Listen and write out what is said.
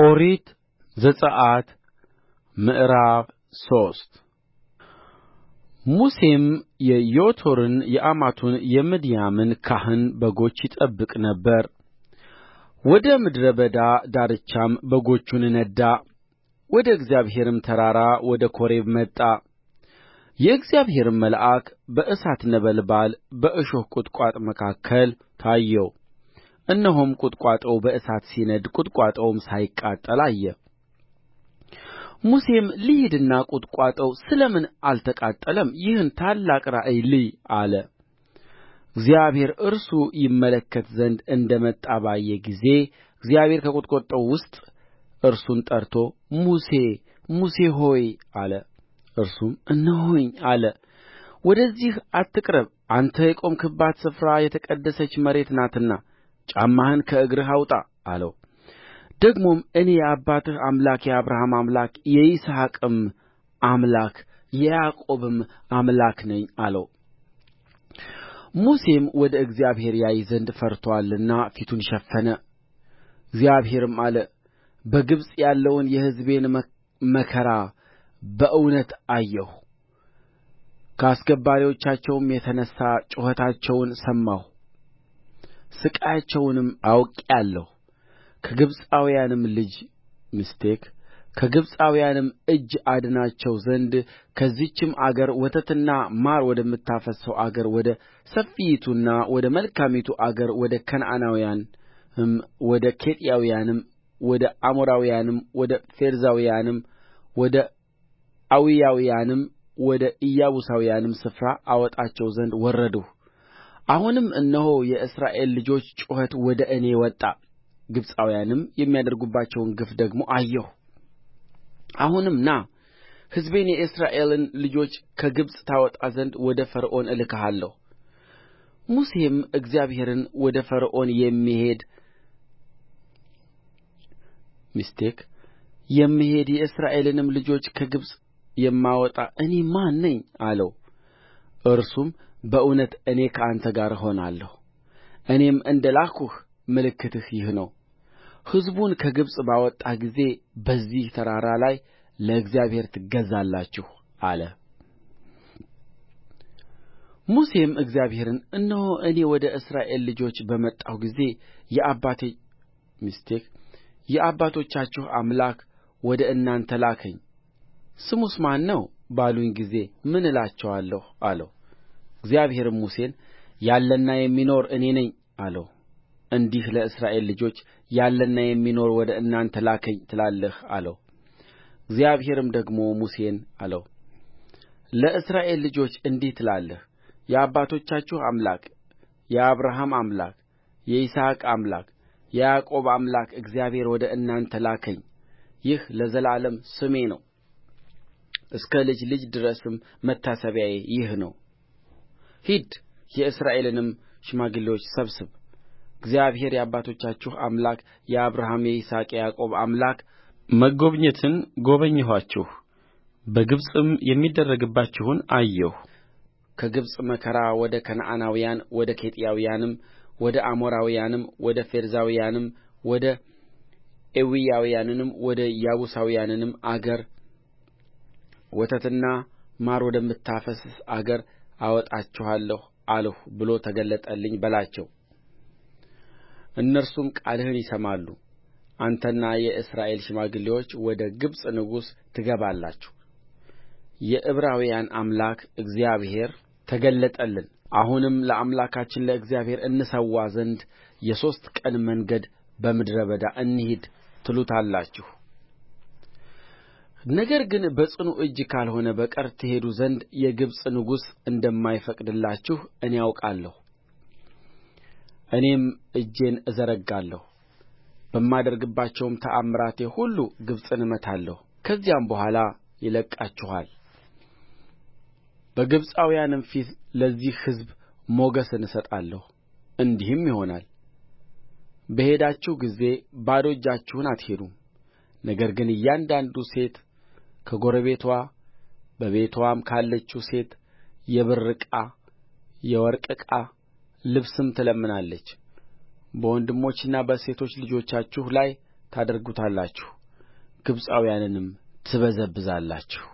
ኦሪት ዘጽአት ምዕራፍ ሶስት ሙሴም የዮቶርን የአማቱን የምድያምን ካህን በጎች ይጠብቅ ነበር ወደ ምድረ በዳ ዳርቻም በጎቹን ነዳ ወደ እግዚአብሔርም ተራራ ወደ ኮሬብ መጣ የእግዚአብሔርም መልአክ በእሳት ነበልባል በእሾህ ቍጥቋጦ መካከል ታየው እነሆም ቍጥቋጦው በእሳት ሲነድድ ቍጥቋጦውም ሳይቃጠል አየ ሙሴም ልሂድና ቍጥቋጦው ስለ ምን አልተቃጠለም ይህን ታላቅ ራእይ ልይ አለ እግዚአብሔር እርሱ ይመለከት ዘንድ እንደ መጣ ባየ ጊዜ እግዚአብሔር ከቍጥቋጦው ውስጥ እርሱን ጠርቶ ሙሴ ሙሴ ሆይ አለ እርሱም እነሆኝ አለ ወደዚህ አትቅረብ አንተ የቆምህባት ስፍራ የተቀደሰች መሬት ናትና ጫማህን ከእግርህ አውጣ አለው ደግሞም እኔ የአባትህ አምላክ የአብርሃም አምላክ የይስሐቅም አምላክ የያዕቆብም አምላክ ነኝ አለው ሙሴም ወደ እግዚአብሔር ያይ ዘንድ ፈርቶአልና ፊቱን ሸፈነ እግዚአብሔርም አለ በግብፅ ያለውን የሕዝቤን መከራ በእውነት አየሁ ከአስገባሪዎቻቸውም የተነሣ ጩኸታቸውን ሰማሁ ሥቃያቸውንም አውቄአለሁ ከግብፃውያንም እጅ አድናቸው ዘንድ ከዚችም አገር ወተትና ማር ወደምታፈስሰው አገር ወደ ሰፊይቱና ወደ መልካሚቱ አገር ወደ ከነዓናውያንም ወደ ኬጢያውያንም ወደ አሞራውያንም ወደ ፌርዛውያንም ወደ ኤዊያውያንም ወደ ኢያቡሳውያንም ስፍራ አወጣቸው ዘንድ ወረድሁ አሁንም እነሆ የእስራኤል ልጆች ጩኸት ወደ እኔ ወጣ ግብፃውያንም የሚያደርጉባቸውን ግፍ ደግሞ አየሁ አሁንም ና ሕዝቤን የእስራኤልን ልጆች ከግብፅ ታወጣ ዘንድ ወደ ፈርዖን እልክሃለሁ ሙሴም እግዚአብሔርን ወደ ፈርዖን ሚስቴክ የሚሄድ የእስራኤልንም ልጆች ከግብፅ የማወጣ እኔ ማን ነኝ አለው እርሱም በእውነት እኔ ከአንተ ጋር እሆናለሁ እኔም እንደ ላክሁህ ምልክትህ ይህ ነው ሕዝቡን ከግብፅ ባወጣህ ጊዜ በዚህ ተራራ ላይ ለእግዚአብሔር ትገዛላችሁ አለ ሙሴም እግዚአብሔርን እነሆ እኔ ወደ እስራኤል ልጆች በመጣሁ ጊዜ የአባቶቻችሁ አምላክ ወደ እናንተ ላከኝ ስሙስ ማን ነው ባሉኝ ጊዜ ምን እላቸዋለሁ አለው እግዚአብሔርም ሙሴን ያለና የሚኖር እኔ ነኝ አለው እንዲህ ለእስራኤል ልጆች ያለና የሚኖር ወደ እናንተ ላከኝ ትላለህ አለው እግዚአብሔርም ደግሞ ሙሴን አለው ለእስራኤል ልጆች እንዲህ ትላለህ የአባቶቻችሁ አምላክ የአብርሃም አምላክ የይስሐቅ አምላክ የያዕቆብ አምላክ እግዚአብሔር ወደ እናንተ ላከኝ ይህ ለዘላለም ስሜ ነው እስከ ልጅ ልጅ ድረስም መታሰቢያዬ ይህ ነው ሂድ የእስራኤልንም ሽማግሌዎች ሰብስብ እግዚአብሔር የአባቶቻችሁ አምላክ የአብርሃም የይስሐቅ የያዕቆብም አምላክ መጐብኘትን ጐበኘኋችሁ በግብፅም የሚደረግባችሁን አየሁ ከግብፅ መከራ ወደ ከነዓናውያን ወደ ኬጢያውያንም ወደ አሞራውያንም ወደ ፌርዛውያንም ወደ ኤዊያውያንም ወደ ያቡሳውያንም አገር ወተትና ማር ወደምታፈስስ አገር አወጣችኋለሁ አልሁ ብሎ ተገለጠልኝ በላቸው እነርሱም ቃልህን ይሰማሉ አንተና የእስራኤል ሽማግሌዎች ወደ ግብፅ ንጉሥ ትገባላችሁ የዕብራውያን አምላክ እግዚአብሔር ተገለጠልን አሁንም ለአምላካችን ለእግዚአብሔር እንሠዋ ዘንድ የሦስት ቀን መንገድ በምድረ በዳ እንሂድ ትሉታላችሁ ነገር ግን በጽኑ እጅ ካልሆነ በቀር ትሄዱ ዘንድ የግብፅ ንጉሥ እንደማይፈቅድላችሁ እኔ አውቃለሁ እኔም እጄን እዘረጋለሁ በማደርግባቸውም ተአምራቴ ሁሉ ግብፅን እመታለሁ ከዚያም በኋላ ይለቅቃችኋል በግብፃውያንም ፊት ለዚህ ሕዝብ ሞገስን እሰጣለሁ እንዲህም ይሆናል በሄዳችሁ ጊዜ ባዶ እጃችሁን አትሄዱም ነገር ግን እያንዳንዱ ሴት ከጎረቤትዋ በቤትዋም ካለችው ሴት የብር ዕቃ የወርቅ ዕቃ ልብስም ትለምናለች በወንድሞችና በሴቶች ልጆቻችሁ ላይ ታደርጉታላችሁ ግብፃውያንንም ትበዘብዛላችሁ